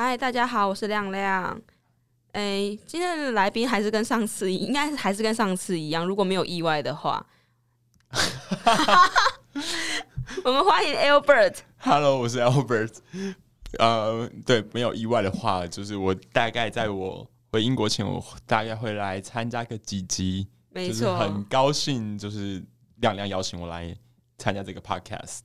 嗨，Hi, 大家好，我是亮亮。哎、欸，今天的來賓還是跟上次，應該還是跟上次一樣，如果沒有意外的話， 我們歡迎 Albert。Hello，我是 Albert。呃、uh，對，沒有意外的話，就是我大概在我回英國前，我大概會來參加個幾集。沒錯，很高興，就是亮亮邀請我來參加這個 podcast。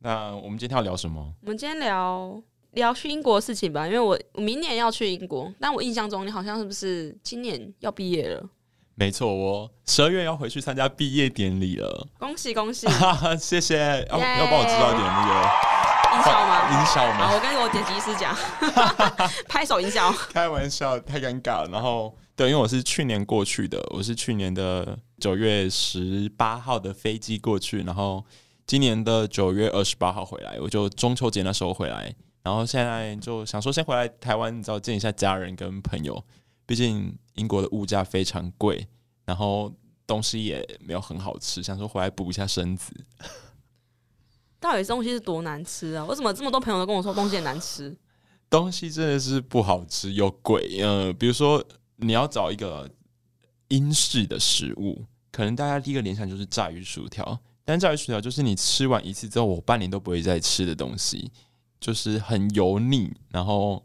那我們今天要聊什麼？我們今天聊。要去英國的事情吧，因為我明年要去英國，但我印象中你好像是不是今年要畢業了？沒錯，我十二月要回去參加畢業典禮了。恭喜恭喜！ 謝謝，Yay! 哦、要要幫我制造點力哦。音效嗎？音效嗎？我跟我剪輯師講， 拍手音效。開玩笑，太尷尬了。然後，對，因為我是去年過去的，我是去年的九月十八號的飛機過去，然後今年的九月二十八號回來，我就中秋節那時候回來。然後現在就想說，先回來台灣，找見一下家人跟朋友。畢竟英國的物價非常貴，然後東西也沒有很好吃。想說回來補一下身子。到底東西是多難吃啊？為什麼這麼多朋友都跟我說東西也難吃？東西真的是不好吃又貴。呃，比如說你要找一個英式的食物，可能大家第一個聯想就是炸魚薯條。但炸魚薯條就是你吃完一次之後，我半年都不會再吃的東西。就是很油膩，然後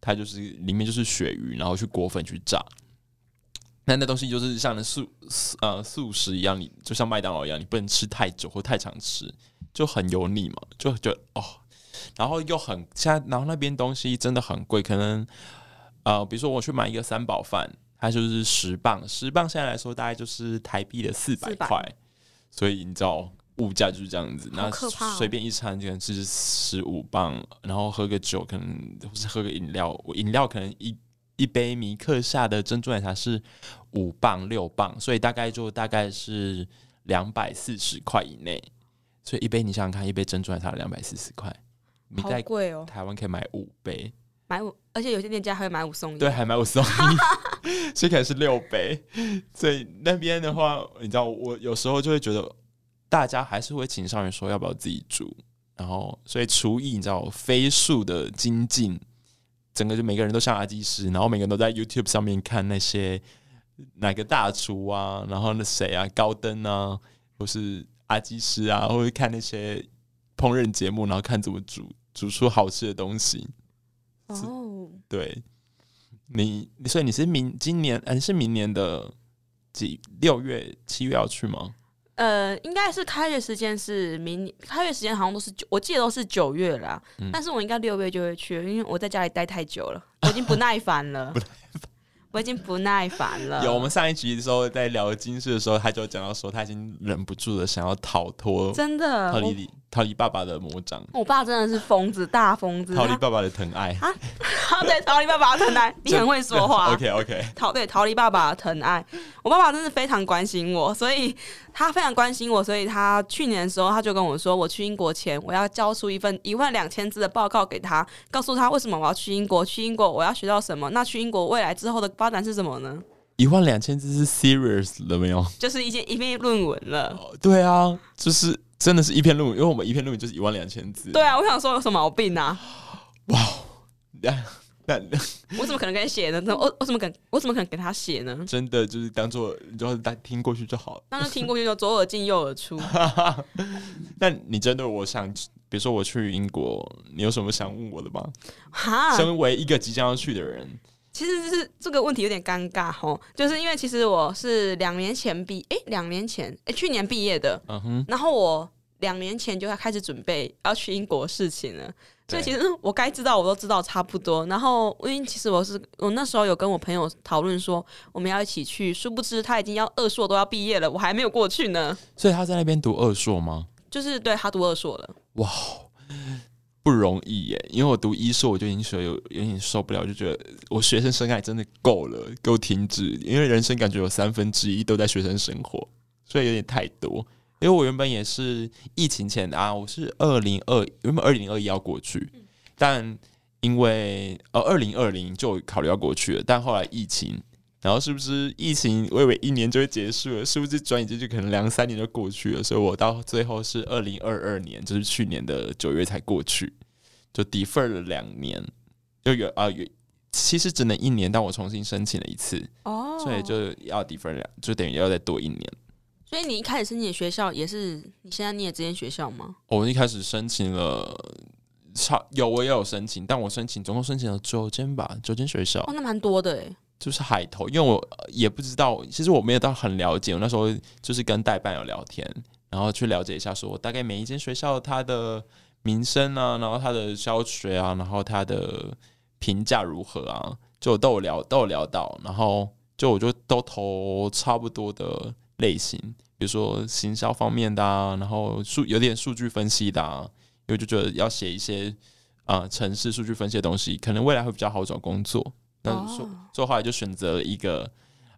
它就是裡面就是鱈魚，然後去裹粉去炸，那那東西就是像那素，素呃素食一樣，你就像麥當勞一樣，你不能吃太久或太常吃，就很油膩嘛，就就哦，然後又很像，然後那邊東西真的很貴，可能呃，比如說我去買一個三寶飯，它就是十磅，十磅現在來說大概就是台幣的四百塊，所以你知道。物價就是這樣子，那隨便一餐就能吃十五磅，哦、然後喝個酒可能或是喝個飲料，飲料可能一一杯迷克夏的珍珠奶茶是五磅六磅，所以大概就大概是兩百四十塊以內。所以一杯你想想看，一杯珍珠奶茶兩百四十塊，你哦。台灣可以買五杯，買五、哦，而且有些店家還會買五送一，對，還買五送一， 所以可能是六杯。所以那邊的話，你知道我有時候就會覺得。大家還是會請上面說，要不要自己煮？然後所以廚藝你知道飛速的精進，整個就每個人都像阿基師，然後每個人都在 YouTube 上面看那些哪個大廚啊，然後那誰啊，高登啊，或是阿基師啊，會看那些烹飪節目，然後看怎麼煮，煮出好吃的東西。哦，對你，所以你是明今年，你、啊、是明年的幾六月七月要去嗎？呃，應該是開學時間是明年，開學時間好像都是九，我記得都是九月啦。嗯、但是我應該六月就會去，因為我在家裡待太久了，我已經不耐煩了。 不耐煩煩，我已經不耐煩了。 有，我們上一集的時候在聊金飾的時候，他就講到說他已經忍不住的想要逃脫，真的。逃離爸爸的魔掌，我爸真的是瘋子，大瘋子。逃離爸爸的疼愛啊！對，逃離爸爸的疼愛，啊、 你很會說話。OK，OK，、okay, okay. 逃，對，逃離爸爸的疼愛。我爸爸真的非常關心我，所以他非常關心我，所以他去年的時候他就跟我說，我去英國前我要交出一份一萬兩千字的報告給他，告訴他為什麼我要去英國，去英國我要學到什麼，那去英國未來之後的發展是什麼呢？一萬兩千字是 serious 了沒有？就是一篇一篇論文了，哦。對啊，就是。真的是一篇論文，因為我們一篇論文就是一萬兩千字。對啊，我想說有什麼毛病啊？哇，那那我怎麼可能給你寫呢？我我怎麼敢？我怎麼可能給他寫呢？真的就是當做就是當聽過去就好了。當聽過去就左耳進右耳出。那 你真的我想，比如說我去英國，你有什麼想問我的嗎？哈，身為一個即將要去的人。其實這是這個問題有點尷尬齁，就是因為其實我是兩年前畢，哎，兩年前，誒、欸欸，去年畢業的，嗯哼，然後我兩年前就要開始準備要去英國事情了，所以其實對、嗯、我該知道我都知道差不多，然後因為其實我是我那時候有跟我朋友討論說我們要一起去，殊不知他已經要二碩都要畢業了，我還沒有過去呢，所以他在那邊讀二碩嗎？就是對他讀二碩了，哇。不容易耶、欸，因為我讀醫碩，我就已經覺得有有點受不了，就覺得我學生生涯真的夠了，給我停止。因為人生感覺有三分之一都在學生生活，所以有點太多。因為我原本也是疫情前的啊，我是二零二原本二零二一要過去，嗯、但因為呃二零二零就考慮要過去了，但後來疫情。然後是不是疫情？我以為一年就會結束了，是不是轉眼間就可能兩三年就過去了？所以我到最後是二零二二年，就是去年的九月才過去，就 defer 了兩年，就有啊，有其實只能一年，但我重新申請了一次哦，所以就要 defer 兩，就等於要再多一年。所以你一開始申請的學校也是你現在你也這間學校嗎？我一開始申請了，差，有我也有申請，但我申請總共申請了九間吧，九間學校哦，那蠻多的哎、欸。就是海投，因為我也不知道，其實我沒有到很了解。我那時候就是跟代辦有聊天，然後去了解一下說，說大概，每一間學校它的名聲啊，然後它的教學啊，然後它的評價如何啊，就都有聊、都有聊到，然後就我就都投差不多的類型，比如說行銷方面的啊，然後數有點數據分析的啊，因為就覺得要寫一些啊，城市數據分析的東西，可能未來會比較好找工作。那所以後來就選擇一個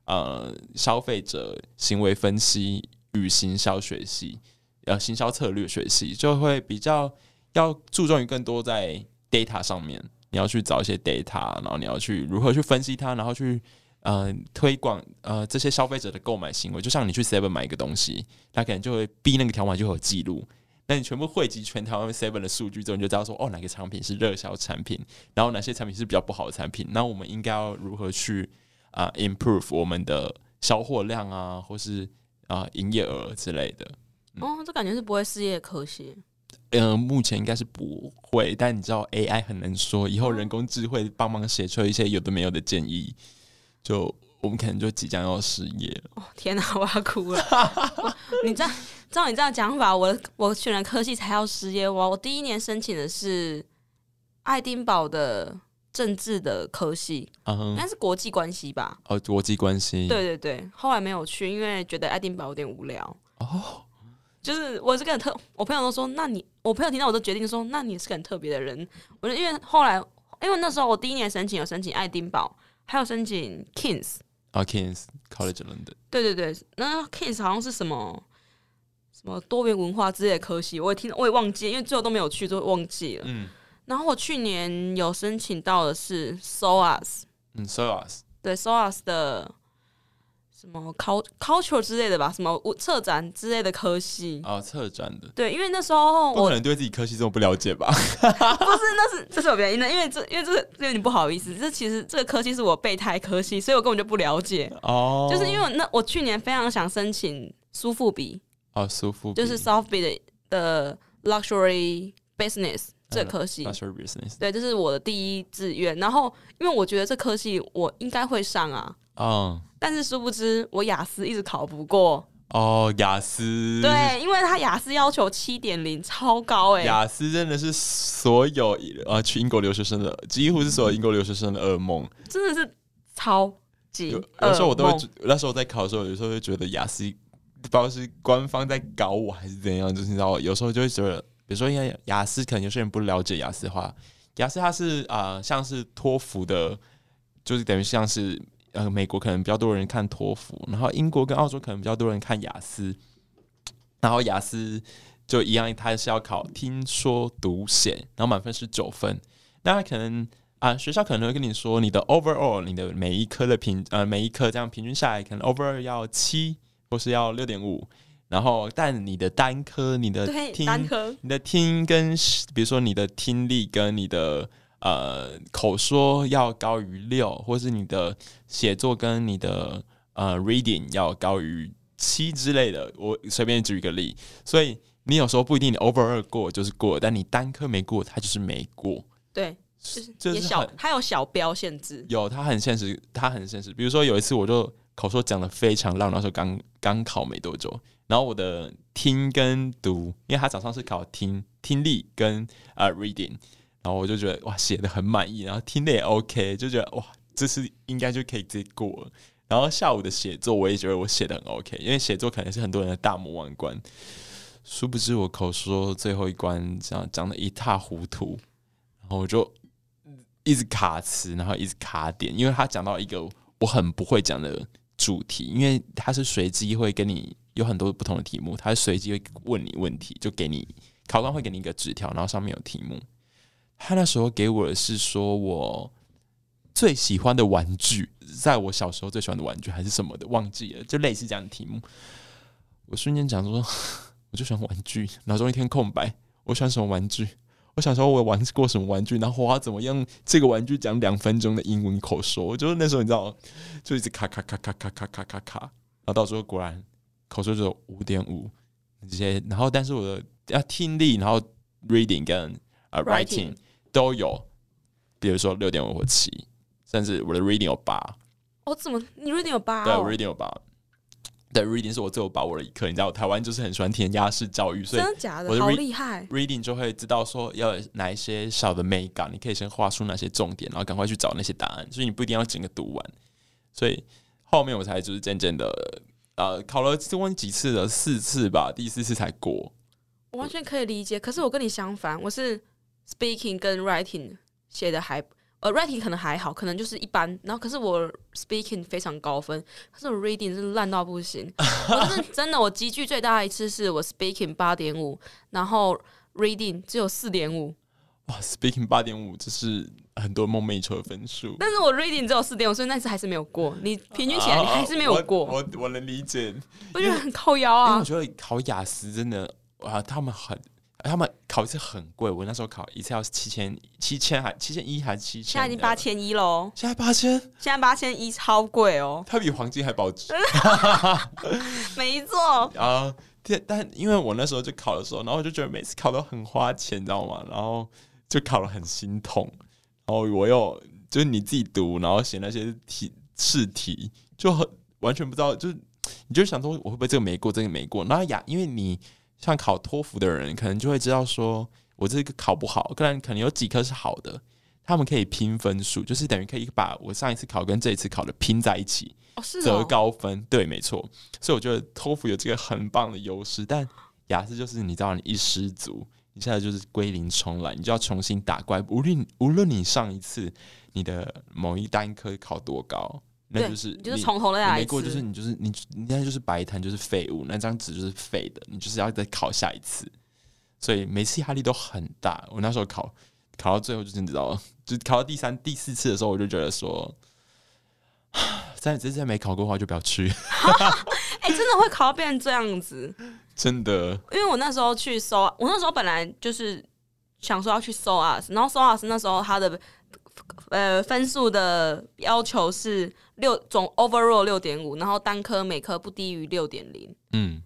呃消費者行為分析與行銷學系，呃行銷策略學系就會比較要注重於更多在 data 上面，你要去找一些 data，然後你要去如何去分析它，然後去呃推廣呃這些消費者的購買行為。就像你去 seven 買一個東西，他可能就會逼，那個條碼就有記錄。那你全部匯集全台灣 seven 的數據之後，你就知道說，哦，哪個產品是熱銷產品，然後哪些產品是比較不好的產品，那我們應該要如何去啊、呃、improve 我們的銷貨量啊，或是啊、呃、營業額之類的。嗯、哦，這感覺是不會失業可惜。嗯、呃，目前應該是不會，但你知道 AI 很難說，以後人工智慧幫忙寫出一些有的沒有的建議，就我們可能就即將要失業了。哦，天哪，我要哭了！ 哦、你這樣照你這樣講法，我我選了科系才要失業哇！我第一年申請的是愛丁堡的政治的科系，uh huh. 應該是國際關係吧？哦，國際關係。對對對，後來沒有去，因為覺得愛丁堡有點無聊。哦，oh. 就是我是個特，我朋友都說，那你我朋友聽到我都決定說，那你是個很特別的人。我就因為後來，因為那時候我第一年申請有申請愛丁堡，還有申請 Kings 啊、oh,，Kings College London。對對對，那 Kings 好像是什麼？什麼多元文化之類的科系，我也聽，我也忘記，因為最後都沒有去，都忘記了。嗯、然後我去年有申請到的是、SOAS、嗯、SOAS 嗯 SOAS 對 SOAS 的什麼 culture 之類的吧，什麼策展之類的科系哦，策展的。對，因為那時候我可能對自己科系這麼不了解吧？ 不是，那是這是有原因的，因為這，因為這因為這有點不好意思。這其實這個科系是我備胎科系，所以我根本就不了解。哦。就是因為那我去年非常想申請蘇富比。啊，舒服、oh, 就是、so、的的 business, s o p h、uh, i e d 的 luxury business 這科系，luxury business 對，這、就是我的第一志願。然後，因為我覺得這科系我應該會上啊，嗯，oh. 但是殊不知我雅思一直考不過哦，oh, 雅思對，因為他雅思要求七點零超高哎、欸，雅思真的是所有呃、啊、去英國留學生的幾乎是所有英國留學生的噩夢，真的是超級。有時候我都會 那時候我在考的時候，有時候會覺得雅思。不知道是官方在搞我還是怎樣，就是你知道，有時候就會覺得，比如說，因為雅思可能有些人不了解雅思的話，雅思它是啊、呃，像是托福的，就是等於像是呃，美國可能比較多人看托福，然後英國跟澳洲可能比較多人看雅思，然後雅思就一樣，它也是要考聽說讀寫，然後滿分是九分，那它可能啊、呃，學校可能會跟你說你的 overall，你的每一科的平呃每一科這樣平均下來，可能 overall 要七。或是要六點五，然後但你的單科，你的聽單科，你的聽跟比如說你的聽力跟你的呃口說要高於六，或是你的寫作跟你的呃 reading 要高於七之類的，我隨便舉一個例。所以你有時候不一定你 overall 過就是過，但你單科沒過，它就是沒過。對，這是也小它有小標限制，有它很現實，它很現實。比如說有一次我就。口說講的非常爛，那時候剛剛考沒多久。然後我的聽跟讀，因為他早上是考聽聽力跟啊、uh, reading，然後我就覺得哇寫的很滿意，然後聽的也 OK，就覺得哇這次應該就可以直接過了。然後下午的寫作我也覺得我寫的很 OK，因為寫作可能是很多人的大魔王關。殊不知我口說最後一關講講的一塌糊塗，然後我就一直卡詞，然後一直卡點，因為他講到一個我很不會講的主題，因為他是隨機會跟你有很多不同的題目，他是隨機會問你問題，就給你，考官會給你一個紙條，然後上面有題目。他那時候給我的是說我最喜歡的玩具，在我小時候最喜歡的玩具還是什麼的，忘記了，就類似這樣的題目。我瞬間講說，我就喜歡玩具，腦中一片空白，我喜歡什麼玩具？我想說，我玩過什麼玩具？然後我要怎麼用這個玩具講兩分鐘的英文口說，我就那時候你知道，就一直卡卡卡卡卡卡卡卡卡，然後到時候果然口說就有五點五這些，然後但是我的要聽力，然後 reading 跟、uh, writing 都有，比如說六點五或七，甚至我的 reading 有八。哦，我怎麼你 reading 有八啊？對，reading 有八。的 reading 是我最有把握的一科，你知道，台灣就是很喜歡填鴨式教育，所以真的假的？我的 read, 好厲害 reading 就會知道說要哪一些小的美感，你可以先畫出哪些重點，然後趕快去找那些答案，所以你不一定要整個讀完，所以後面我才就是漸漸的，呃，考了這幾次了四次吧，第四次才過，我完全可以理解。可是我跟你相反，我是 speaking 跟 writing 寫的還。呃 writing 可能還好，可能就是一般。然後，可是我 speaking 非常高分，可是我 reading 是爛到不行。 我是真，真的，我積聚最大的一次是我 speaking 八點五，然後 reading 只有四點五。哇，wow，speaking 八點五，這是很多夢寐以求的分數。但是我 reading 只有四點五，所以那次還是沒有過。你平均起來，uh, 你還是沒有過。Uh, uh, 我我能理解，我覺得很靠腰啊。因為，因為我覺得考雅思真的啊，他們很。他們考一次很貴，我那時候考一次要七千七千還七千一還是七千？現在已經八千一嘍！現在八千，現在八千一超貴哦，它比黃金還保值。 沒錯啊，但、呃、但因為我那時候就考的時候，然後我就覺得每次考都很花錢，你知道嗎？然後就考得很心痛，然後我又就是你自己讀，然後寫那些題試題，就很完全不知道，就是你就想說我會不會這個沒過，這個沒過，然後呀，因為你。像考托福的人，可能就會知道說，我這個考不好，當然可能有幾科是好的，他們可以拼分數，就是等於可以把我上一次考跟這一次考的拼在一起，哦，是的、哦，高分，對，沒錯。所以我覺得托福有這個很棒的優勢，但雅思就是你知道，你一失足，你現在就是歸零重來，你就要重新打怪。無論無論你上一次你的某一單科考多高。那就是你對，就是從頭來，來一次沒過，就是你，就是你，你那就是白談，就是廢物。那張紙就是廢的，你就是要再考下一次。所以每次壓力都很大。我那時候考，考到最後就只知道，就考到第三、第四次的時候，我就覺得說，真的，這次沒考過的話就不要去。哎、 欸，真的會考到變成這樣子？真的？因為我那時候去搜，我那時候本來就是想說要去搜啊，然後搜啊，是那時候他的。呃，分數的要求是六，總 overall 六點五，然後單科每科不低於六點零。嗯，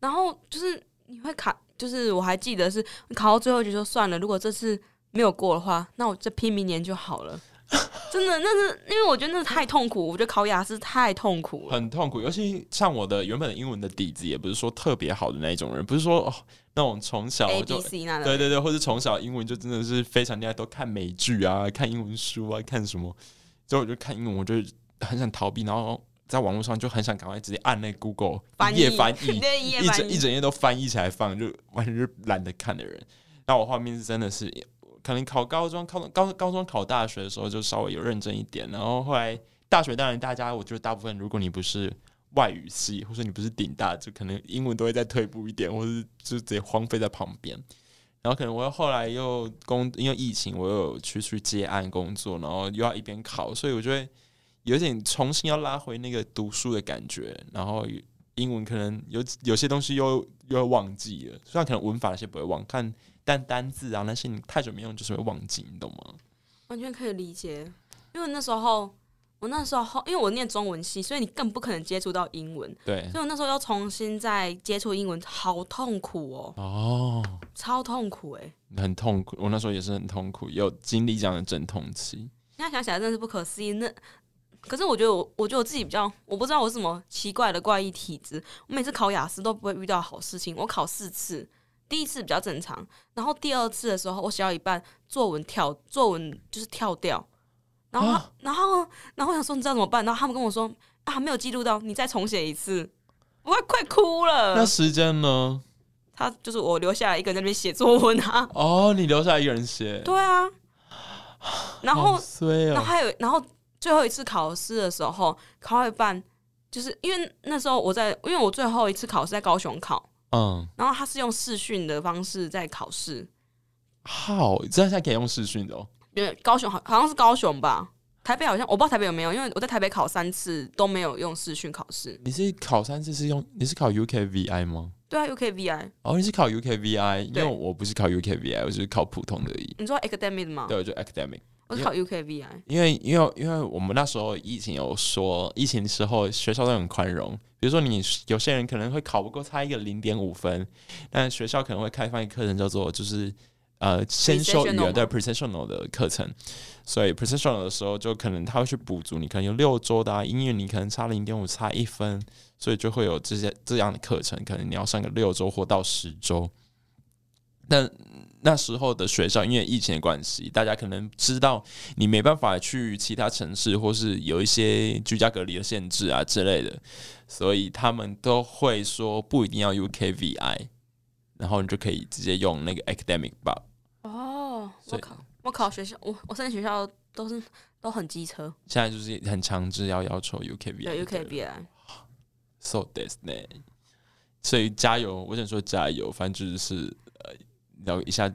然後就是你會考，就是我還記得是考到最後就說算了，如果這次沒有過的話，那我這拼明年就好了。 真的，那是因為我覺得那太痛苦。我覺得考雅思太痛苦了，很痛苦。尤其像我的原本的英文的底子也不是說特別好的那一種人，不是說哦那種從小就 A, B, C, 那的對對對，或者從小英文就真的是非常厲害，都看美劇啊，看英文書啊，看什麼。所以我就看英文，我就很想逃避，然後在網絡上就很想趕快直接按那 Google 翻頁翻譯，一整一整頁都翻譯起來放，就完全是懶得看的人。那我畫面是真的是。可能考高中，考高高中考大學的時候就稍微有認真一點，然後後來大學，當然大家，我覺得大部分，如果你不是外語系，或者你不是頂大，就可能英文都會再退步一點，或是就直接荒廢在旁邊。然後可能我又後來又工，因為疫情，我又去去接案工作，然後又要一邊考，所以我就會有點重新要拉回那個讀書的感覺，然後英文可能有有些東西又又要忘記了，雖然可能文法那些不會忘，但。但單,單字啊，那些你太久沒用，就是會忘記，你懂嗎？完全可以理解，因為那時候我那時候，因為我念中文系，所以你更不可能接觸到英文。對，所以我那時候要重新再接觸英文，好痛苦哦！哦，超痛苦誒、欸，很痛苦。我那時候也是很痛苦，有經歷這樣的陣痛期。現在想起來真的是不可思議。那可是我覺得我，我覺得我自己比較，我不知道我什麼奇怪的怪異體質。我每次考雅思都不會遇到好事情，我考四次。第一次比較正常，然後第二次的時候，我寫到一半，作文跳，作文就是跳掉，然後，啊、然後，然後我想說，你知道怎麼辦？然後他們跟我說啊，沒有記錄到，你再重寫一次，我快哭了。那時間呢？他就是我留下來一個人在那邊寫作文啊。哦，oh，你留下來一個人寫？對啊。然後，哦、然後還有，然後最後一次考試的時候，考到一半，就是因為那時候我在，因為我最後一次考試在高雄考。嗯，然後他是用視訊的方式在考試。好，這樣現在可以用視訊的哦。因為高雄好像，是高雄吧？台北好像，我不知道台北有沒有，因為我在台北考三次都沒有用視訊考試。你是考三次是用？你是考 UKVI 嗎？對啊，UKVI。UK 哦，你是考 UKVI，對因為我不是考 UKVI，我只是考普通的而已。你知道 academic 嗎？對，我就 academic。我是考 UKVI，因為因為因為，因為我們那時候疫情有說，疫情的時候學校都很寬容。比如說，你有些人可能會考不過，差一個零點五分，但學校可能會開放一個課程叫做就是呃先修語言的 pre-sessional 對的課程，所以 pre-sessional 的時候就可能他會去補足你，你可能有六周的啊，英語你可能差零點五差一分，所以就會有這些這樣的課程，可能你要上個六周或到十周，但。那時候的學校，因為疫情的關係，大家可能知道你沒辦法去其他城市，或是有一些居家隔離的限制啊之類的，所以他們都會說不一定要 UKVI，然後你就可以直接用那個 academic 吧哦，oh, 所以我考我考學校，我我現在學校都是都很機車，現在就是很強制要要求 UKVI，UKVI。UK so this y 所以加油！我想說加油，反正就是。咬一下，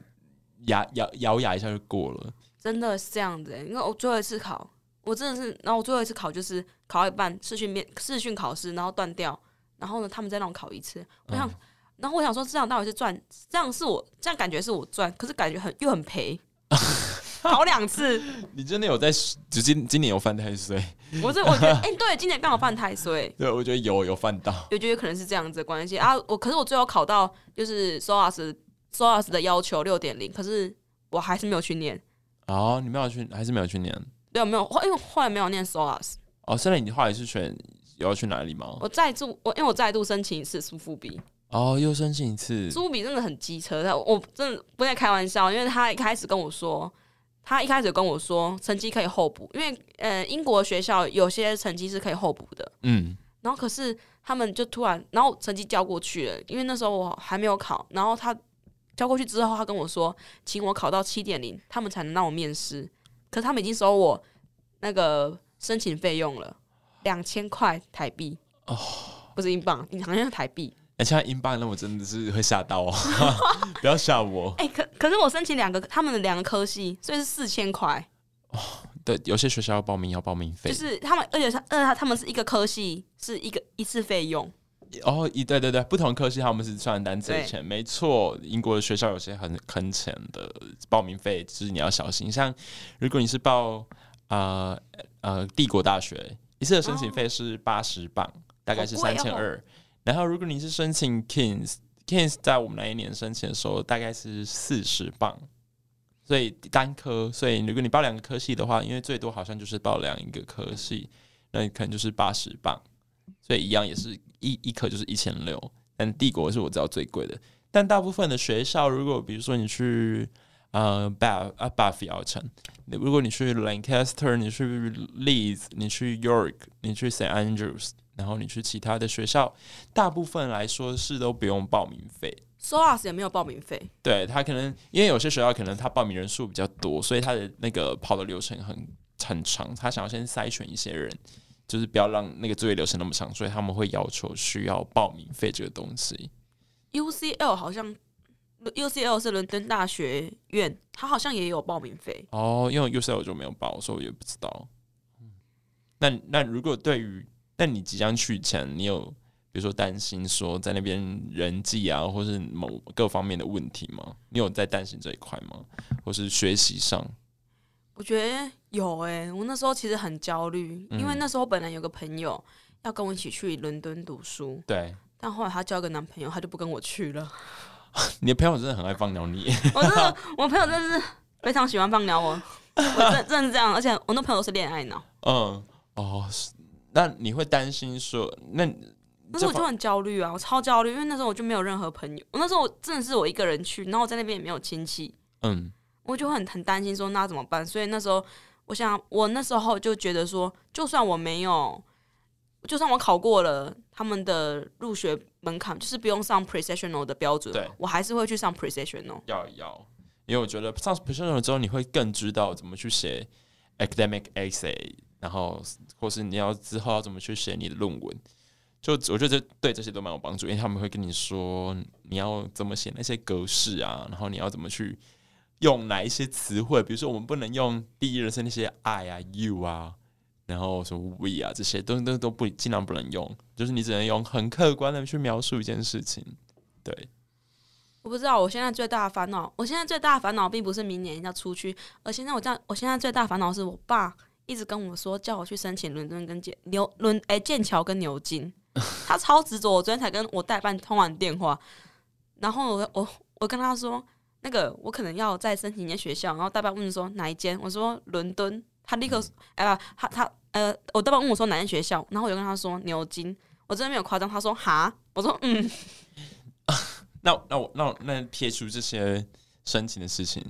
牙咬咬牙一下就過了，真的是這樣子，欸。因為我最後一次考，我真的是，然後我最後一次考就是考一半視訊面，視訊考試，然後斷掉，然後呢，他們再讓我考一次。我想，嗯、然後我想說，這樣到底是賺，這樣是我這樣感覺是我賺，可是感覺很又很賠， 考兩次。 你真的有在，就今今年有犯太歲？我是我覺得，哎、欸，對，今年剛好犯太歲。 對，我覺得有有犯到，我覺得可能是這樣子的關係啊。我可是我最後考到就是收老師。SOAS 的要求六點零，可是我還是沒有去念。哦，oh, 你沒有去，還是沒有去念？對，沒有，因為後來沒有念 SOAS 哦、oh,，現在你後來是選要去哪裡嗎？我再度，我因為我再度申請一次蘇富比。哦，oh, 又申請一次。蘇富比真的很機車的，我真的不在開玩笑，因為他一開始跟我說，他一開始跟我說成績可以候補，因為呃，英國的學校有些成績是可以候補的。嗯。然後可是他們就突然，然後成績交過去了，因為那時候我還沒有考，然後他。交過去之後，他跟我說，請我考到七點零，他們才能讓我面試。可是他們已經收我那個申請費用了，兩千塊台幣。哦，不是英鎊，你好像是台幣。現在、欸、英鎊那我真的是會嚇到哦， 不要嚇我。哎、欸，可可是我申請兩個，他們的兩個科系，所以是四千塊。哦，對，有些學校要報名要報名費。就是他們，而且他呃，他們是一個科系，是一個一次費用。哦，一、oh，對對對，不同科系他們是算單次的錢，對沒錯。英國的學校有些很坑錢的報名費，就是你要小心。像如果你是報啊呃，呃帝國大學，一次的申請費是八十磅，oh. 大概是三千二。然後如果你是申請 Kings，Kings 在我們那一年申請的時候大概是四十磅。所以單科，所以如果你報兩個科系的話，因為最多好像就是報兩一個科系，那你可能就是八十磅。所以一樣也是一一科，就是一千六，但帝國是我知道最貴的。但大部分的學校，如果比如說你去呃巴啊巴菲奧城，你如果你去 Lancaster，你去 Leeds，你去 York，你去 St Andrews，然後你去其他的學校，大部分來說是都不用報名費。Soas 也沒有報名費。對，他可能因為有些學校可能他報名人數比較多，所以他的那個跑的流程很很長，他想要先篩選一些人。就是不要讓那個作業流程那麼長，所以他們會要求需要報名費這個東西。UCL 好像，UCL 是倫敦大學院，他好像也有報名費。哦，因為 UCL 就沒有報，所以我也不知道。嗯，那那如果對於，但你即將去前，你有比如說擔心說在那邊人際啊，或是某各方面的問題嗎？你有在擔心這一塊嗎？或是學習上？我覺得。有哎、欸，我那時候其實很焦慮，因為那時候本來有個朋友要跟我一起去倫敦讀書，嗯、對，但後來他交個男朋友，他就不跟我去了。你的朋友真的很愛放鳥你，我真的， 我朋友真的是非常喜歡放鳥，我 我真的真的是這樣，而且我那朋友是戀愛腦。嗯哦，那你會擔心說，那，那時候我就很焦慮啊，我超焦慮，因為那時候我就沒有任何朋友，我那時候我真的是我一個人去，然後我在那邊也沒有親戚，嗯，我就很很擔心說那怎麼辦？所以那時候。我想，我那時候就覺得說，就算我沒有，就算我考過了他們的入學門檻，就是不用上 pre-sessional 的標準，對我還是會去上 pre-sessional。要要，因為我覺得上 pre-sessional 之後，你會更知道怎麼去寫 academic essay，然後或是你要之後要怎麼去寫你的論文。就我覺得這對這些都蠻有幫助，因為他們會跟你說你要怎麼寫那些格式啊，然後你要怎麼去。用哪一些詞彙？比如說，我們不能用第一人稱那些 “I” 啊、“You” 啊，然後什麼 We 啊，這些都都都不盡量不能用。就是你只能用很客觀的去描述一件事情。對，我不知道。我現在最大的煩惱，我現在最大的煩惱並不是明年要出去，而現在我這樣。我現在最大煩惱是我爸一直跟我說叫我去申請倫敦跟劍牛倫哎劍橋跟牛津， 他超執着。我昨天才跟我代辦通完電話，然後我我我跟他說。那個我可能要再申請一間學校，然後大爸問說哪一間？我說倫敦，他立刻哎呀、嗯啊，他他呃，我大爸問我說哪間學校，然後我就跟他說牛津，我真的沒有誇張。他說哈，我說嗯。那 那我那我那，我那我撇除這些申請的事情，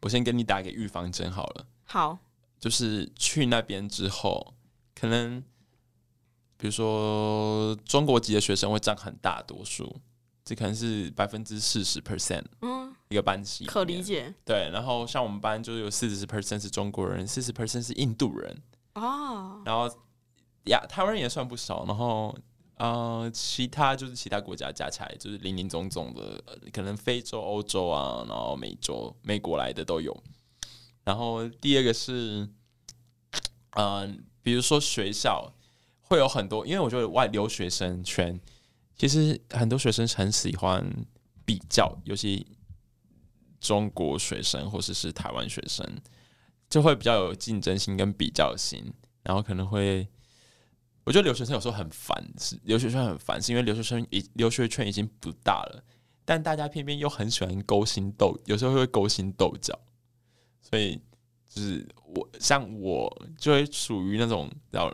我先給你打一個預防針好了。好，就是去那邊之後，可能比如說中國籍的學生會佔很大多數，這可能是百分之四十 percent。嗯。一個班級可理解對，然後像我們班就是有四十 percent 是中國人，四十 percent 是印度人啊，哦、然後呀，yeah, 台灣人也算不少，然後嗯、呃，其他就是其他國家加起來就是林林總總的、呃，可能非洲、歐洲啊，然後美洲、美國來的都有。然後第二個是，嗯、呃，比如說學校會有很多，因為我覺得外留學生圈其實很多學生很喜歡比較，尤其。中國學生或者是，是台灣學生就會比較有競爭心跟比較心，然後可能會，我覺得留學生有時候很煩，是，留學生很煩，是因為留學生已留學圈已經不大了，但大家偏偏又很喜歡勾心鬥，有時候會勾心鬥角，所以就是我像我就會屬於那種比較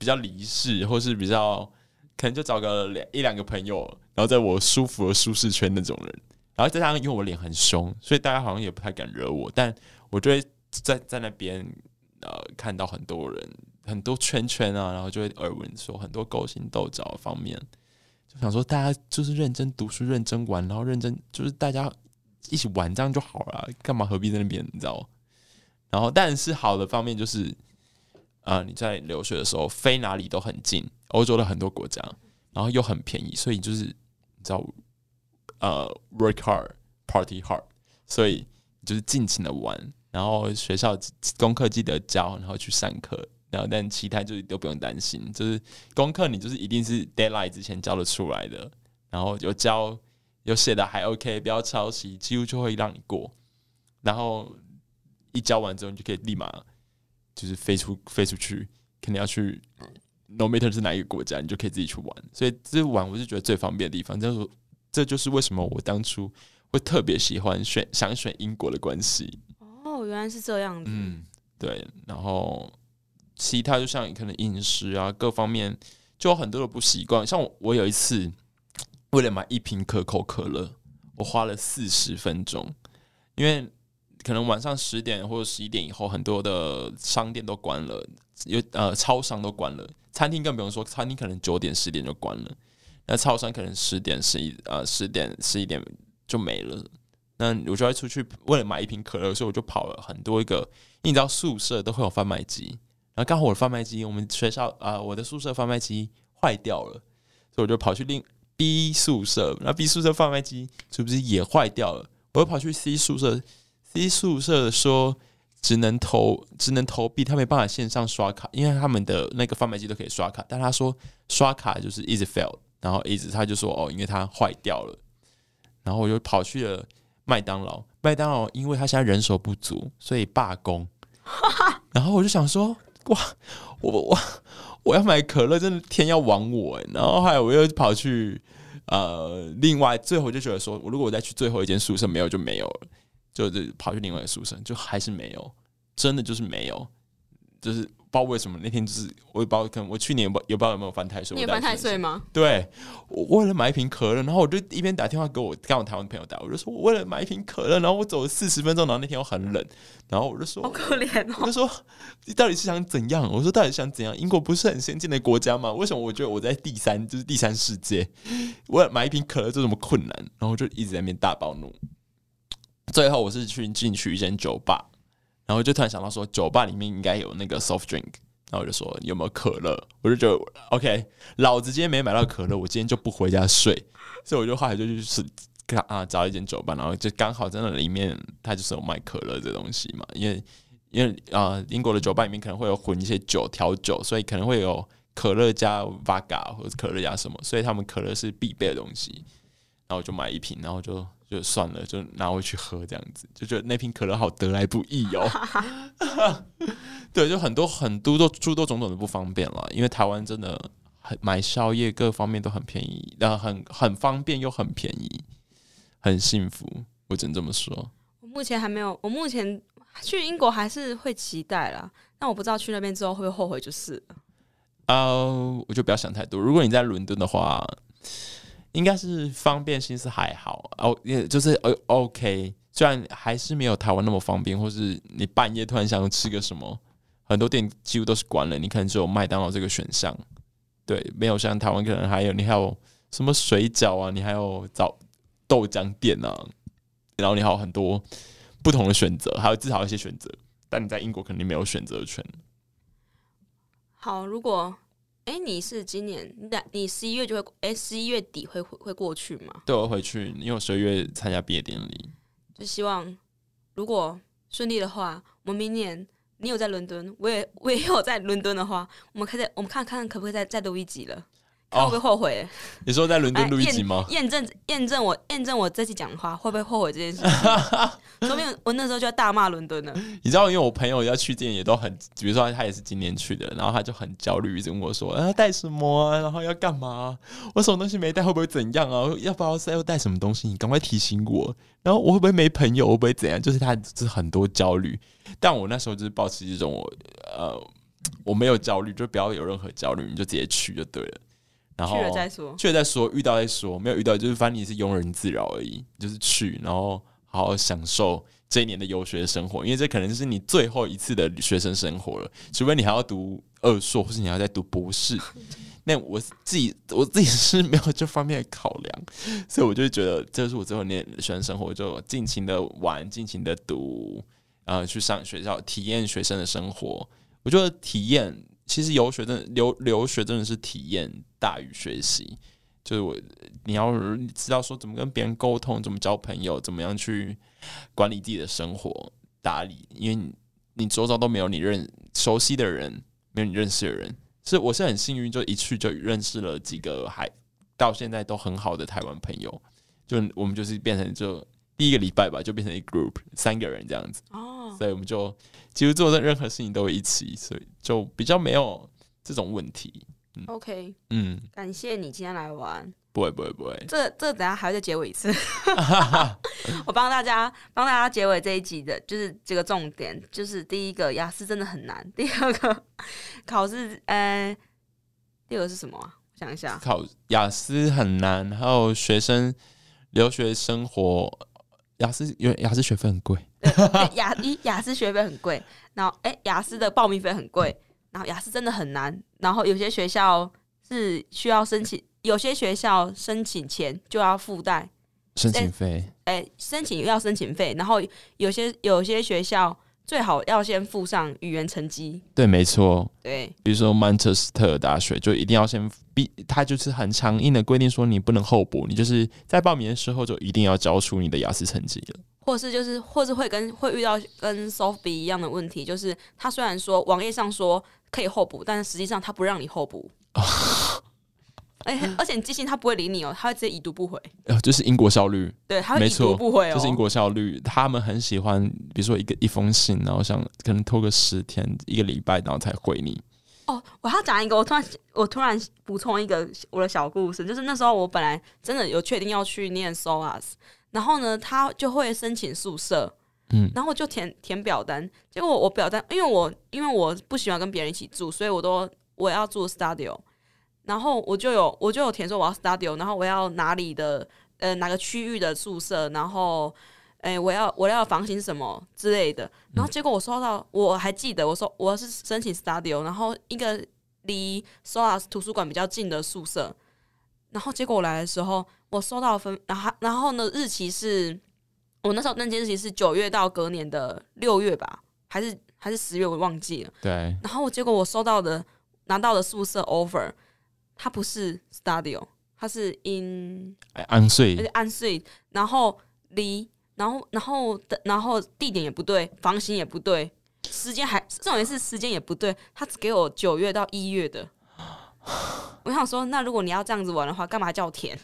比較離世，或是比較可能就找個兩一兩個朋友，然後在我舒服的舒適圈那種人。然後再加上，因為我臉很兇，所以大家好像也不太敢惹我。但我就會在在那邊呃看到很多人很多圈圈啊，然後就會耳聞說很多勾心鬥角的方面，就想說大家就是認真讀書、認真玩，然後認真就是大家一起玩這樣就好了，幹嘛何必在那邊？你知道。然後但是好的方面就是，啊、呃，你在留學的時候飛哪裡都很近，歐洲的很多國家，然後又很便宜，所以就是你知道。呃、uh，work hard，party hard，所以就是盡情的玩，然後學校功課記得交，然後去上課，然後但其他就都不用擔心，就是功課你就是一定是 deadline 之前交得出來的，然後有交有寫的還 OK，不要抄襲，幾乎就會讓你過，然後一交完之後你就可以立馬就是飛出飛出去，肯定要去，no matter 是哪一個國家，你就可以自己去玩，所以這玩我是覺得最方便的地方，就是說。這就是為什麼我當初會特別喜歡選想選英國的關係。哦，原來是這樣。嗯，對。然後其他就像可能飲食啊各方面，就有很多的不習慣。像我，我有一次為了買一瓶可口可樂，我花了四十分鐘，因為可能晚上十點或者十一點以後，很多的商店都關了，有呃，超商都關了，餐廳更不用說，餐廳可能九點十點就關了。那超商可能十點十一啊，十點十一點就沒了。那我就要出去，為了買一瓶可樂，所以我就跑了很多一個，因為你知道宿舍都會有販賣機。然後剛好我的販賣機，我們學校啊、呃，我的宿舍販賣機壞掉了，所以我就跑去另 B 宿舍，那 B 宿舍販賣機是不是也壞掉了？我又跑去 C 宿舍，C 宿舍說只能投，只能投幣，他沒辦法線上刷卡，因為他們的那個販賣機都可以刷卡，但他說刷卡就是一直 fail。然後一直他就說哦，因為它壞掉了。然後我就跑去了麥當勞，麥當勞因為他現在人手不足，所以罷工。 然後我就想說哇，我我我要買可樂，真的天要亡我！然後還有我又跑去呃，另外最後就覺得說，我如果我再去最後一間宿舍沒有就沒有了，就就跑去另外一個宿舍，就還是沒有，真的就是沒有，就是。不知道為什麼那天就是我，也不知道可能我去年也不也不知道有沒有犯太歲。你也犯太歲嗎？對，我為了買一瓶可樂，然後我就一邊打電話給我剛好台灣朋友打，我就說，我為了買一瓶可樂，然後我走了四十分鐘，然後那天又很冷，然後我就說，好可憐哦。就說你到底是想怎樣？我說到底想怎樣？英國不是很先進的國家嗎？為什麼我覺得我在第三，就是第三世界，為了買一瓶可樂就這麼困難？然後就一直在那邊大暴怒。最後我是去進去一間酒吧。然後就突然想到說，酒吧裡面應該有那個 soft drink，然後我就說你有沒有可樂？我就覺得 OK，老子今天沒買到可樂，我今天就不回家睡。所以我就後來就去試看啊，找一間酒吧，然後就剛好在那裡面，它就是有賣可樂這東西嘛。因為因為啊、呃，英國的酒吧裡面可能會有混一些酒調酒，所以可能會有可樂加 vodka 或者可樂加什麼，所以他們可樂是必備的東西。然後就買一瓶，然後就。就算了，就拿回去喝這樣子，就覺得那瓶可樂好得來不易哦。 對，就很多很多多、諸多種種的不方便了，因為台灣真的很買宵夜，各方面都很便宜，然後很很方便又很便宜，很幸福，我只能這麼說。我目前還沒有，我目前去英國還是會期待啦，但我不知道去那邊之後會不不會後悔就是哦啊，uh, 我就不要想太多。如果你在倫敦的話。應該是方便性是還好哦，也、oh yeah, 就是哦 OK，雖然還是沒有台灣那麼方便，或是你半夜突然想要吃個什麼，很多店幾乎都是關了，你可能只有麥當勞這個選項，對，沒有像台灣可能還有你還有什麼水餃啊，你還有找豆漿店啊，然後你還有很多不同的選擇，還有至少一些選擇，但你在英國肯定沒有選擇權。好，如果。哎、欸，你是今年你你十一月就會誒，十一月底會會過去嗎？對，我會去，因為我十一月參加畢業典禮。就希望如果順利的話，我們明年你有在倫敦，我也我也有在倫敦的話，我們可以再我們看看可不可以再再錄一集了。會不會後悔、欸哦？你說在倫敦錄一集嗎？驗，驗證驗證我驗證我這次講的話會不會後悔這件事情？ 說明我，我那時候就要大罵倫敦了。你知道，因為我朋友要去這也都很，比如說他也是今年去的，然後他就很焦慮，一直問我說：“啊，帶什麼啊？然後要幹嘛、啊？我什麼東西沒帶，會不會怎樣啊？要不要帶？要帶什麼東西？你趕快提醒我。然後我會不會沒朋友？會不會怎樣？就是他就是很多焦慮。但我那時候就是抱持一種我呃我沒有焦慮，就不要有任何焦慮，你就直接去就對了。”然後去了再說，去了再說，遇到再說，沒有遇到就是發現你是庸人自擾而已。就是去，然後好好享受這一年的遊學生活，因為這可能就是你最後一次的學生生活了，除非你還要讀二碩，或是你還要再讀博士。 那我自己，我自己是沒有這方面考量，所以我就覺得這是我最後年的學生生活，就盡情的玩，盡情的讀，啊、呃，去上學校體驗學生的生活。我覺得體驗。其實遊學真的留留學真的是體驗大於學習，就是我你要知道說怎麼跟別人溝通，怎麼交朋友，怎麼樣去管理自己的生活打理，因為你你周遭都沒有你認熟悉的人，沒有你認識的人，所以我是很幸運，就一去就認識了幾個還到現在都很好的台灣朋友，就我們就是變成就。第一個禮拜吧，就變成一 group 三個人這樣子，oh. 所以我們就幾乎做的任何事情都會一起，所以就比較沒有這種問題。OK，嗯，okay. 嗯感謝你今天來玩。不會不會不會，這這等下還要再結尾一次，我幫大家幫大家結尾這一集的就是這個重點，就是第一個雅思真的很難，第二個考試，呃，第二個是什麼啊？我想一下，考雅思很難，還有學生留學生活。雅思因為雅思學費很貴，欸，雅思雅思學費很貴，然後哎、欸，雅思的報名費很貴，然後雅思真的很難，然後有些學校是需要申請，有些學校申請前就要附帶申請費，哎、欸欸，申請要申請費，然後有些有些學校。最好要先附上語言成績。對，沒錯。對，比如說曼徹斯特大學就一定要先必，它就是很強硬的規定，說你不能後補，你就是在報名的時候就一定要交出你的雅思成績了。或是就是，或是會跟會遇到跟 s o f b y 一樣的問題，就是他雖然說網頁上說可以後補，但是實際上他不讓你後補。哦而且，而且你寄信，他不會理你哦，他會直接已讀不回。呃，就是英國效率，對，他會哦，沒錯，不會，就是英國效率。他們很喜歡，比如說一個一封信，然後想可能拖個十天一個禮拜，然後才回你。哦，我要講一個，我突然我突然補充一個我的小故事，就是那時候我本來真的有確定要去念 SOAS，l 然後呢，他就會申請宿舍，嗯，然後就填填表單，結果我表單，因為我因為我不喜歡跟別人一起住，所以我都我也要住 studio。然後我就有我就有填說我要 studio，然後我要哪裡的呃哪個區域的宿舍，然後誒我要我要房型什麼之類的。然後結果我收到，我還記得我說我是申請 studio，然後一個離 SOAS 圖書館比較近的宿舍。然後結果我來的時候，我收到分，然後然後呢，日期是我那時候登記日期是九月到隔年的六月吧，還是還是十月我忘記了。對。然後結果我收到的拿到的宿舍 offer。他不是 studio，他是 in 安睡，安睡，然後離，然後然後然後地點也不對，房型也不對，時間還，重點是時間也不對，他只給我九月到一月的， 我想說，那如果你要這樣子玩的話，幹嘛叫我填？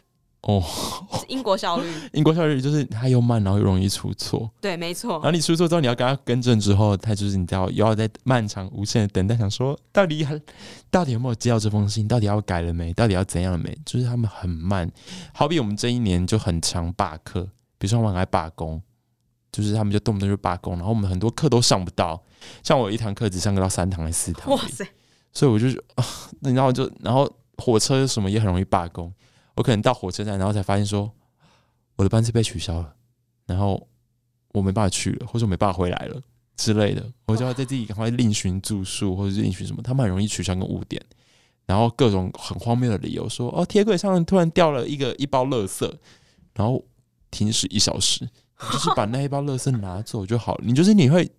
哦，oh, 是英國效率，英國效率就是它又慢，然後又容易出錯。對，沒錯。然後你出錯之後，你要跟他更正之後，他就是你知道又要再漫長無限的等待，想說到底還到底有沒有接到這封信？到底要改了沒？到底要怎樣了沒？就是他們很慢。好比我們這一年就很常罷課，比如說我們來罷工，就是他們就動不動就罷工，然後我們很多課都上不到。像我一堂課只上課到三堂還四堂？哇塞！所以我就啊，你知道就然後火車什麼也很容易罷工。我可能到火車站，然後才發現說我的班次被取消了，然後我沒辦法去了，或者我沒辦法回來了之類的，我就要在自己趕快另尋住宿，或者是另尋什麼。他們很容易取消跟誤點，然後各種很荒謬的理由，說哦，鐵軌上突然掉了一個一包垃圾，然後停駛一小時，就是把那一包垃圾拿走就好了。你就是你會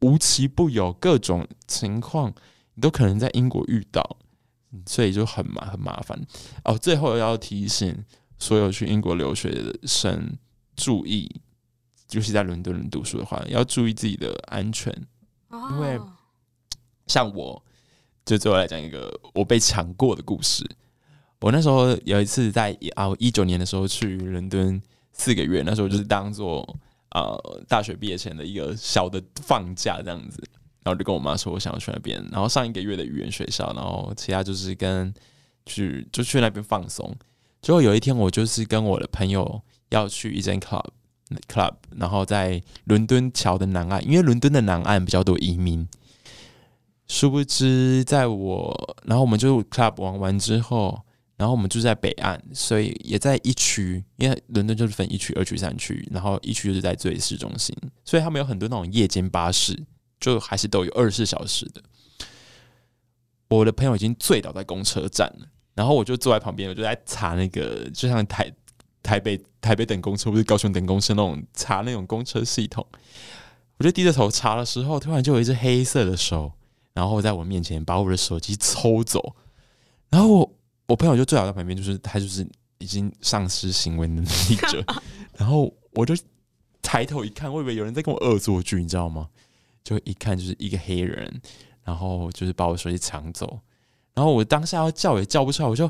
無奇不有，各種情況你都可能在英國遇到。所以就很麻很麻煩哦。最後要提醒所有去英國留學生注意，就是在倫敦讀書的話，要注意自己的安全。因為像我，就最後來講一個我被搶過的故事。我那時候有一次在啊一九年的時候去倫敦四個月，那時候就是當做呃大學畢業前的一個小的放假這樣子。然後就跟我媽說，我想要去那邊。然後上一個月的語言學校，然後其他就是跟去就去那邊放鬆。之後有一天，我就是跟我的朋友要去一間 club club，然後在倫敦橋的南岸，因為倫敦的南岸比較多移民。殊不知，在我然後我們就 club 玩完之後，然後我們住在北岸，所以也在一區。因為倫敦就是分一區、二區、三區，然後一區就是在最市中心，所以他們有很多那種夜間巴士。就還是都有二十四小時的。我的朋友已經醉倒在公車站了，然後我就坐在旁邊，我就在查那個，就像台台北台北等公車不是高雄等公車那種查那種公車系統。我就低着頭查的時候，突然就有一只黑色的手，然後在我面前把我的手機抽走。然後我我朋友就醉倒在旁邊，就是他就是已經喪失行為能力者。然後我就抬頭一看，我以為有人在跟我惡作劇，你知道嗎？就一看就是一個黑人，然後就是把我手機搶走，然後我當下要叫也叫不出來，我就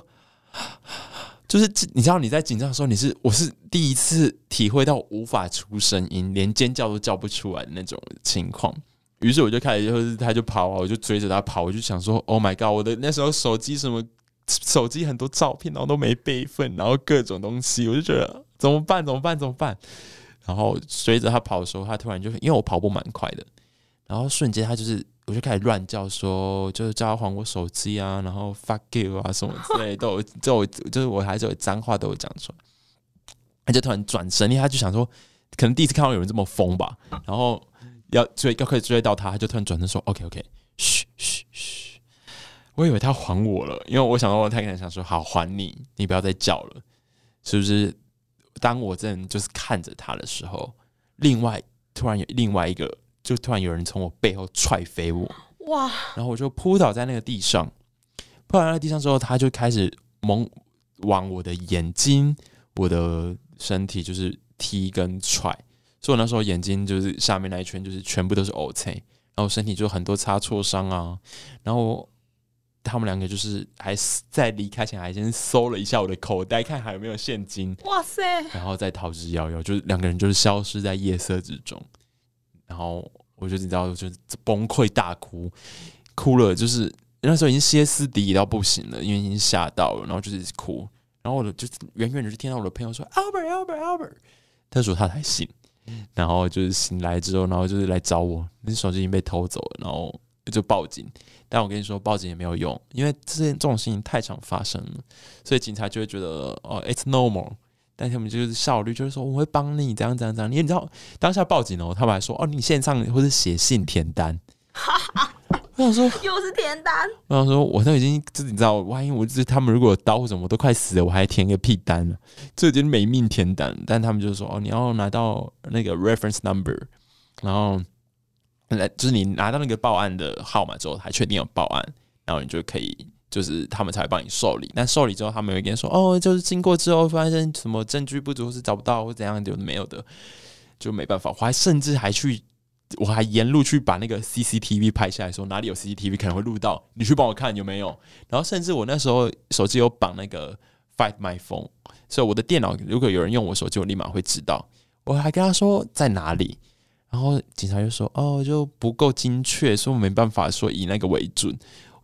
就是，你知道你在緊張的時候，你是我是第一次體會到無法出聲音，連尖叫都叫不出來的那種情況。於是我就開始，就是他就跑啊，我就追着他跑，我就想說，Oh my god！我的那時候手機什麼手機很多照片，然後都沒備份，然後各種東西，我就覺得怎麼辦？怎麼辦？怎麼辦？然後隨着他跑的時候，他突然就因為我跑步蠻快的。然後瞬間，他就是我就開始亂叫說，說就是叫他還我手機啊，然後 fuck you 啊什麼之類的，都有，就就是我還是有髒話都會講出來。他就突然轉身，因為他就想說，可能第一次看到有人這麼瘋吧。然後要追，要可以追到他，他就突然轉身說：“OK，OK，噓噓噓。嗯 OK, OK, ”我以為他還我了，因為我想到他可能想說好還你，你不要再叫了，是不是？當我正就是看着他的時候，另外突然有另外一個。就突然有人從我背後踹飛我，哇！然後我就撲倒在那個地上，撲倒在那個地上之後，他就開始猛往我的眼睛、我的身體就是踢跟踹，所以我那時候眼睛就是下面那一圈就是全部都是凹陷，然後身體就很多擦挫傷啊。然後他們兩個就是還在離開前還先搜了一下我的口袋，看還有沒有現金。哇塞！然後再逃之夭夭，就是兩個人就是消失在夜色之中。然後我就你知道，就崩潰大哭，哭了就是那時候已經歇斯底裡到不行了，因為已經嚇到了，然後就一直哭，然後我就遠遠的就聽到我的朋友說 Albert, Albert, Albert, Albert，他說他才醒，然後就是醒來之後，然後就是來找我，那手機已經被偷走了，然後就報警，但我跟你說報警也沒有用，因為這件這種事情太常發生了，所以警察就會覺得哦，it's normal。Oh, it 但他們就是效率，就是說我會幫你這樣這樣這樣。因為你知道當下報警哦，他們還說哦，你線上或是寫信填單。哈哈，我想說又是填單。我想說我都已經就你知道，萬一我這他們如果有刀或什麼，我都快死了，我還填個屁單呢？這已經沒命填單。但他們就說哦，你要拿到那個 reference number，然後來就是你拿到那個報案的號碼之後，還確定有報案，然後你就可以。就是他們才會幫你受理，但受理之後，他們會跟你說，哦，就是經過之後，發現什麼證據不足，或是找不到或怎樣就沒有的，就沒辦法。我還甚至還去，我還沿路去把那個 CCTV 拍下來說，說哪裡有 CCTV 可能會錄到，你去幫我看有沒有。然後甚至我那時候手機有綁那個 Find My Phone，所以我的電腦如果有人用我手機，我立馬會知道。我還跟他說在哪裡，然後警察就說，哦，就不夠精確，所以沒辦法說以，以那個為準。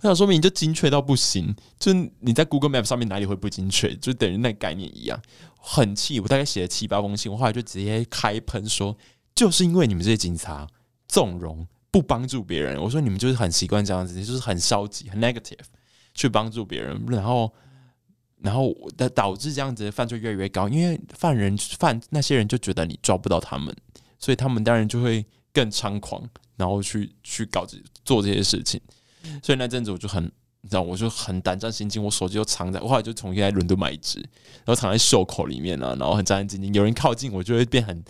那說明，你就精確到不行，就是你在 Google Map 上面哪裡會不精確，就等於那個概念一樣，很氣。我大概寫了七八封信，我後來就直接開噴說，就是因為你們這些警察縱容不幫助別人，我說你們就是很習慣這樣子，就是很消極、很 negative 去幫助別人，然後，然後的導致這樣子的犯罪越來越高，因為犯人犯那些人就覺得你抓不到他們，所以他們當然就會更猖狂，然後去去搞這做這些事情。所以那陣子我就很，你知道，我就很膽戰心驚。我手機就藏在，後來就重新在倫敦買一隻，然後藏在袖口裡面了，啊。然後很戰戰兢兢，有人靠近我就會變很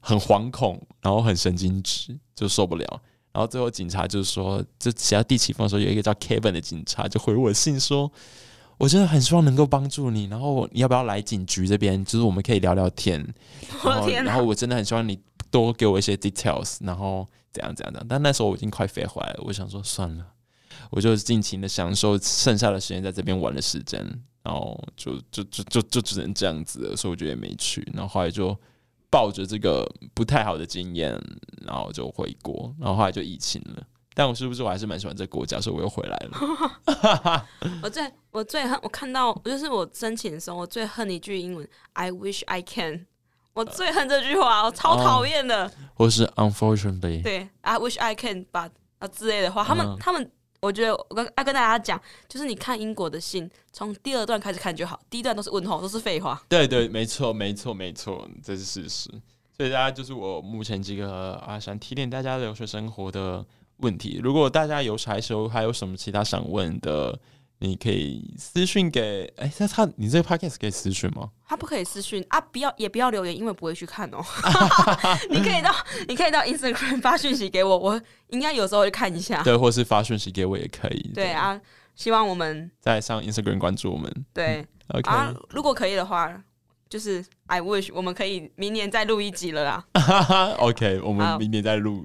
很惶恐，然後很神經質，就受不了。然後最後警察，就是說，就寫到第幾封的時候，有一個叫 Kevin 的警察就回我信說，我真的很希望能夠幫助你，然後你要不要來警局這邊，就是我們可以聊聊天。天哪！然後，然後我真的很希望你多給我一些 details，然後怎樣怎樣怎樣。但那時候我已經快飛回來了，我想說算了。我就盡情的享受剩下的時間，在這邊玩的時間，然後就就就就就只能這樣子了，所以我覺得也沒去。然後後來就抱着這個不太好的經驗，然後就回國。然後後來就疫情了，但我是不是我還是蠻喜歡這個國家，所以我又回來了。 我最我最恨我看到，就是我申請的時候，我最恨一句英文，I wish I can，我最恨這句話，uh, 我超討厭的，或是、uh, was Unfortunately，對，I wish I can but 啊之類的話，他們、uh huh. 他們。我覺得我跟要跟大家講，就是你看英國的信，從第二段開始看就好，第一段都是問候，都是廢話。對，對對，沒錯沒錯沒錯，這是事實。所以大家就是我目前這個啊，想提點大家留學生活的問題。如果大家有啥時候還有什麼其他想問的。你可以私訊給，哎、欸，他他，你這個 podcast 可以私訊嗎？他不可以私訊啊，不要也不要留言，因為不會去看哦。 你可以到你可以到 Instagram 發訊息給我，我應該有時候會看一下。對，或是發訊息給我也可以。對，對啊，希望我們再上 Instagram 關注我們。對、嗯、，OK、啊。如果可以的話，就是 I wish 我們可以明年再錄一集了啦。 OK，、啊、我們明年再錄。